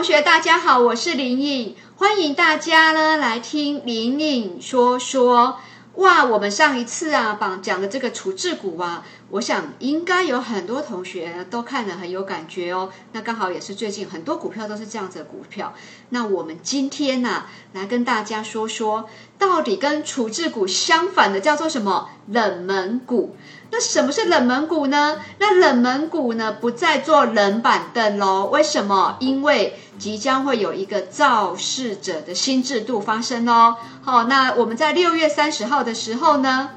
同學大家好，我是林穎。歡迎大家呢來聽林穎說說。哇，我們上一次啊講的這個處置股啊，我想應該有很多同學都看了很有感覺哦。那剛好也是最近很多股票都是這樣子的股票。那我們今天呢、啊、來跟大家說說，到底跟處置股相反的叫做什麼？冷門股。那什麼是冷門股呢？那冷門股呢，不再坐冷板凳嘍。為什麼？因為即將會有一個造市者的新制度發生咯哦。好，那我們在六月三十號的時候呢，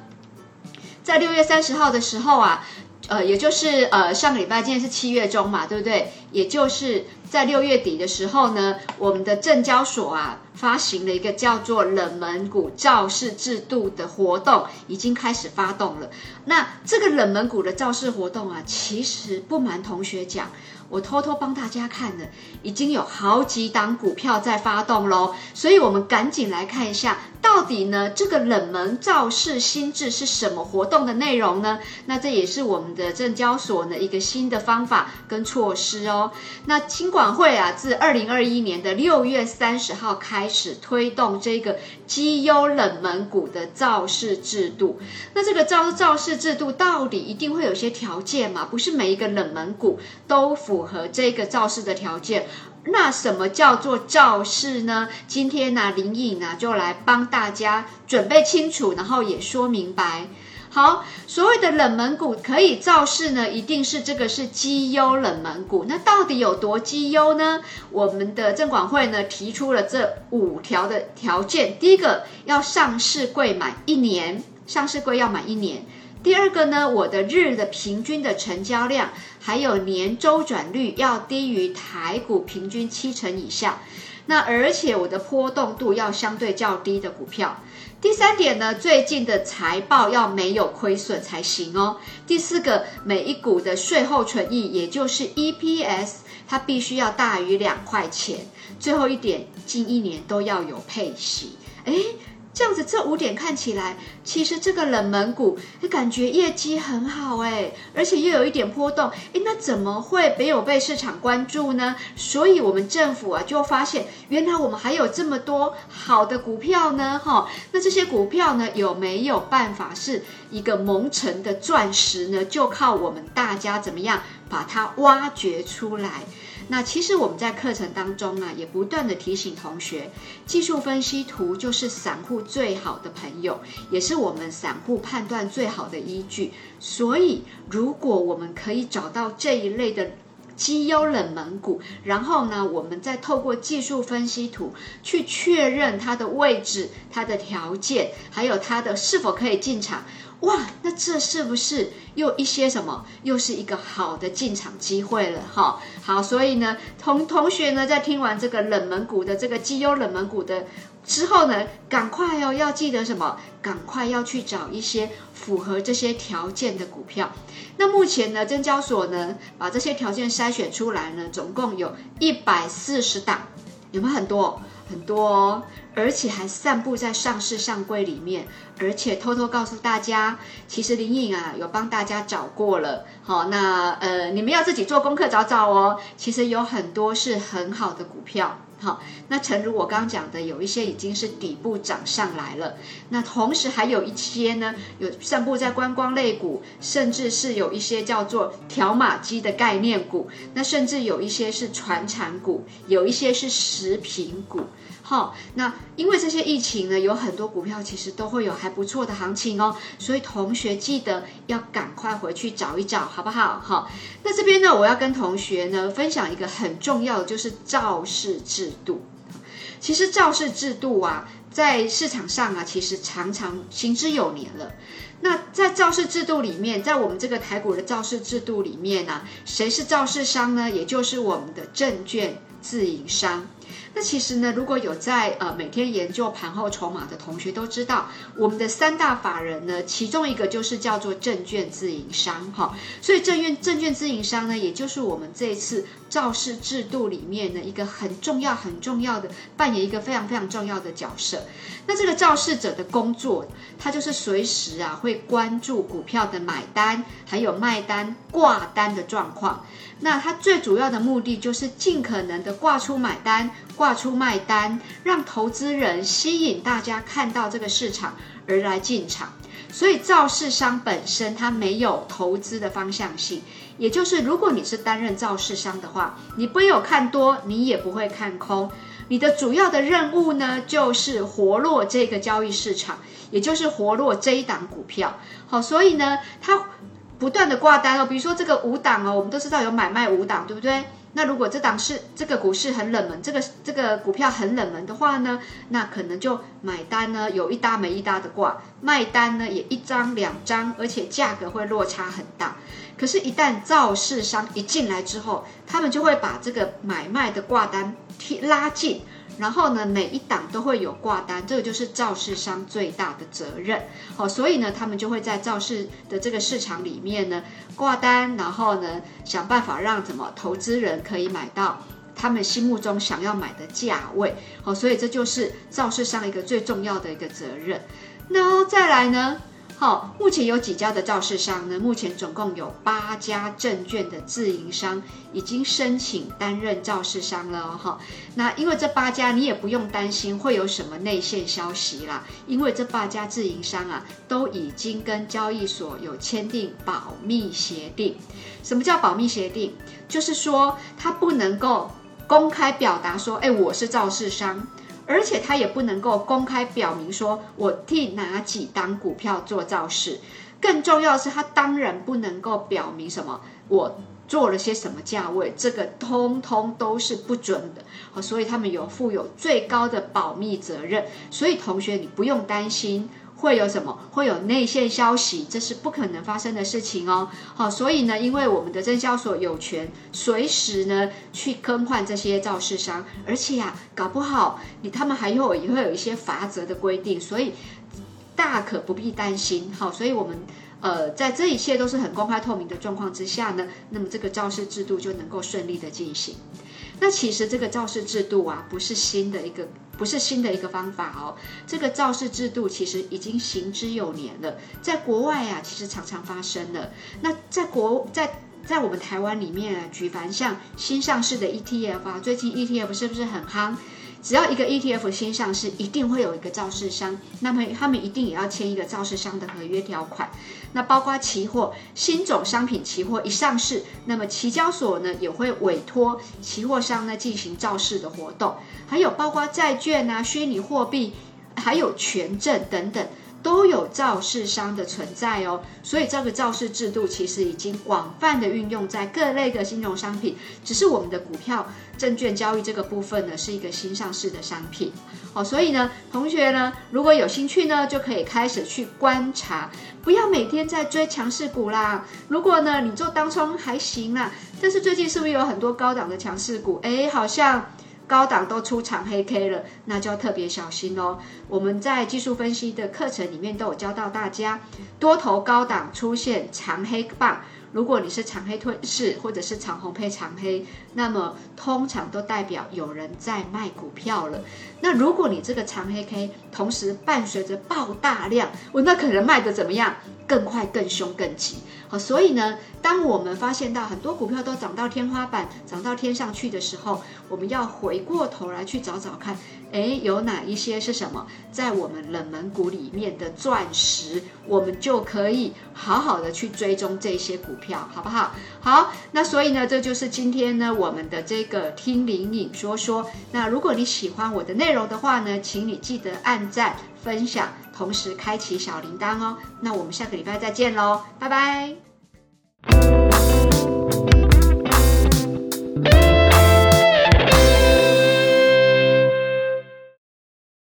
在六月三十號的時候啊。呃，也就是呃，上個禮拜，今天是七月中嘛，對不對？也就是在六月底的時候呢，我們的證交所啊，發行了一個叫做冷門股造市制度的活動，已經開始發動了。那這個冷門股的造市活動啊，其實不瞞同學講，我偷偷幫大家看了，已經有好幾檔股票在發動咯。所以我們趕緊來看一下。到底呢，這個冷門造市新制是什麼活動的內容呢？那這也是我們的證交所呢，一個新的方法跟措施哦。那金管會啊，自二零二一年的六月三十號開始推動這個績優冷門股的造市制度。那這個造造市制度到底一定會有些條件嘛？不是每一個冷門股都符合這個造市的條件。那什麼叫做造市呢？今天呢、啊，林穎啊就來幫大家準備清楚，然後也說明白。好，所謂的冷門股可以造市呢，一定是這個是績優冷門股。那到底有多績優呢？我們的證管會呢提出了這五條的條件。第一個，要上市櫃滿一年，上市櫃要滿一年。第二個呢，我的日的平均的成交量還有年周轉率要低於台股平均七成以下，那而且我的波動度要相對較低的股票。第三點呢，最近的財報要沒有虧損才行哦。第四個，每一股的稅後純益，也就是 EPS，它必須要大於兩塊錢。最後一點，近一年都要有配息。誒這樣子，這五點看起來，其實這個冷門股，感覺業績很好誒、欸、而且又有一點波動誒、欸、那怎麼會沒有被市場關注呢？所以我們政府啊，就發現原來我們還有這麼多好的股票呢，吼。那這些股票呢，有沒有辦法是一個蒙塵的鑽石呢？就靠我們大家怎麼樣把它挖掘出來？那其實我們在課程當中啊，也不斷地提醒同學，技術分析圖就是散戶最好的朋友，也是我們散戶判斷最好的依據。所以，如果我們可以找到這一類的績優冷門股，然後呢，我們再透過技術分析圖去確認它的位置、它的條件，還有它的是否可以進場。哇，那這是不是又一些什麼，又是一個好的進場機會了哈？好，所以呢，同同學呢，在聽完這個冷門股的這個績優冷門股的之後呢，趕快哦，要記得什麼？趕快要去找一些符合這些條件的股票。那目前呢，證交所呢把這些條件篩選出來呢，總共有一百四十檔，有沒有很多？很多，哦，而且還散布在上市上櫃裡面，而且偷偷告訴大家，其實林穎啊有幫大家找過了。好，那呃，你們要自己做功課找找哦。其實有很多是很好的股票。好，那誠如我剛講的，有一些已經是底部漲上來了，那同時還有一些呢，有散布在觀光類股，甚至是有一些叫做條碼機的概念股，那甚至有一些是傳產股，有一些是食品股。好，那因為這些疫情呢，有很多股票其實都會有還不錯的行情哦，所以同學記得要趕快回去找一找，好不好？好，那這邊呢，我要跟同學呢分享一個很重要的，就是造市制。度，其實造市制度啊，在市場上啊，其實常常行之有年了。那在造市制度裡面，在我們這個台股的造市制度裡面呢、啊，誰是造市商呢？也就是我們的證券自營商。那其實呢，如果有在呃每天研究盤後籌碼的同學都知道，我們的三大法人呢，其中一個就是叫做證券自營商哈、哦，所以證券證券自營商呢，也就是我們這一次造市制度裡面呢，一個很重要很重要的扮演一個非常非常重要的角色。那這個造市者的工作，他就是隨時啊會關注股票的買單還有賣單掛單的狀況，那他最主要的目的就是盡可能的掛出買單。掛出賣單，讓投資人吸引大家看到這個市場而來進場，所以造市商本身它沒有投資的方向性，也就是如果你是擔任造市商的話，你不會有看多，你也不會看空，你的主要的任務呢，就是活絡這個交易市場，也就是活絡這一檔股票。好、哦，所以呢，它不斷的掛單哦，比如說這個五檔哦，我們都知道有買賣五檔，對不對？那如果這檔是這個股市很冷門，這個這個股票很冷門的話呢，那可能就買單呢有一搭沒一搭的掛，賣單呢也一張兩張，而且價格會落差很大。可是，一旦造市商一進來之後，他們就會把這個買賣的掛單踢拉近。然後呢，每一檔都會有掛單，這個就是造市商最大的責任。好、哦，所以呢，他們就會在造市的這個市場裡面呢掛單，然後呢想辦法讓怎麼投資人可以買到他們心目中想要買的價位。好、哦，所以這就是造市商一個最重要的一個責任。那再來呢？好、哦，目前有幾家的造市商呢？目前總共有八家證券的自營商已經申請擔任造市商了、哦。哈、哦，那因為這八家，你也不用擔心會有什麼內線消息啦，因為這八家自營商啊，都已經跟交易所有簽訂保密協定。什麼叫保密協定？就是說他不能夠公開表達說，哎，我是造市商。而且他也不能夠公開表明說我替哪幾檔股票做造市，更重要的是他當然不能夠表明什麼我做了些什麼價位，這個通通都是不准的。好，所以他們有負有最高的保密責任。所以同學，你不用擔心。會有什麼？會有內線消息？這是不可能發生的事情哦。好、哦，所以呢，因為我們的證交所有權隨時呢去更換這些造市商，而且啊，搞不好你他們還有也會有一些罰則的規定，所以大可不必擔心。好、哦，所以我們呃，在這一切都是很公開透明的狀況之下呢，那麼這個造市制度就能夠順利的進行。那其實這個造市制度啊，不是新的一個。不是新的一個方法哦，這個造市制度其實已經行之有年了，在國外啊，其實常常發生了。那在國在在我們台灣裡面啊，舉凡像新上市的 ETF 啊，最近 ETF 是不是很夯？只要一個 ETF 新上市，一定會有一個造市商，那麼他們一定也要簽一個造市商的合約條款。那包括期貨，新種商品期貨一上市，那麼期交所呢也會委託期貨商呢進行造市的活動。還有包括債券啊、虛擬貨幣，還有權證等等。都有造市商的存在哦，所以這個造市制度其實已經廣泛的運用在各類的金融商品，只是我們的股票、證券交易這個部分呢，是一個新上市的商品哦，所以呢，同學呢，如果有興趣呢，就可以開始去觀察，不要每天在追強勢股啦。如果呢，你做當沖還行啦，但是最近是不是有很多高檔的強勢股？哎，好像。高檔都出長黑 K 了，那就要特別小心哦。我們在技術分析的課程裡面都有教到大家，多頭高檔出現長黑棒。如果你是長黑吞噬，或者是長紅配長黑，那麼通常都代表有人在賣股票了。那如果你這個長黑 K 同時伴隨着爆大量，我那可能賣得怎麼樣？更快、更兇、更急。好，所以呢，當我們發現到很多股票都漲到天花板、漲到天上去的時候，我們要回過頭來去找找看，哎，有哪一些是什麼在我們冷門股裡面的鑽石，我們就可以好好的去追蹤這些股票。票好不好？好，那所以呢，這就是今天呢，我們的這個聽林穎說說。那如果你喜歡我的內容的話呢，請你記得按讚、分享，同時開啟小鈴鐺哦。那我們下個禮拜再見嘍，拜拜。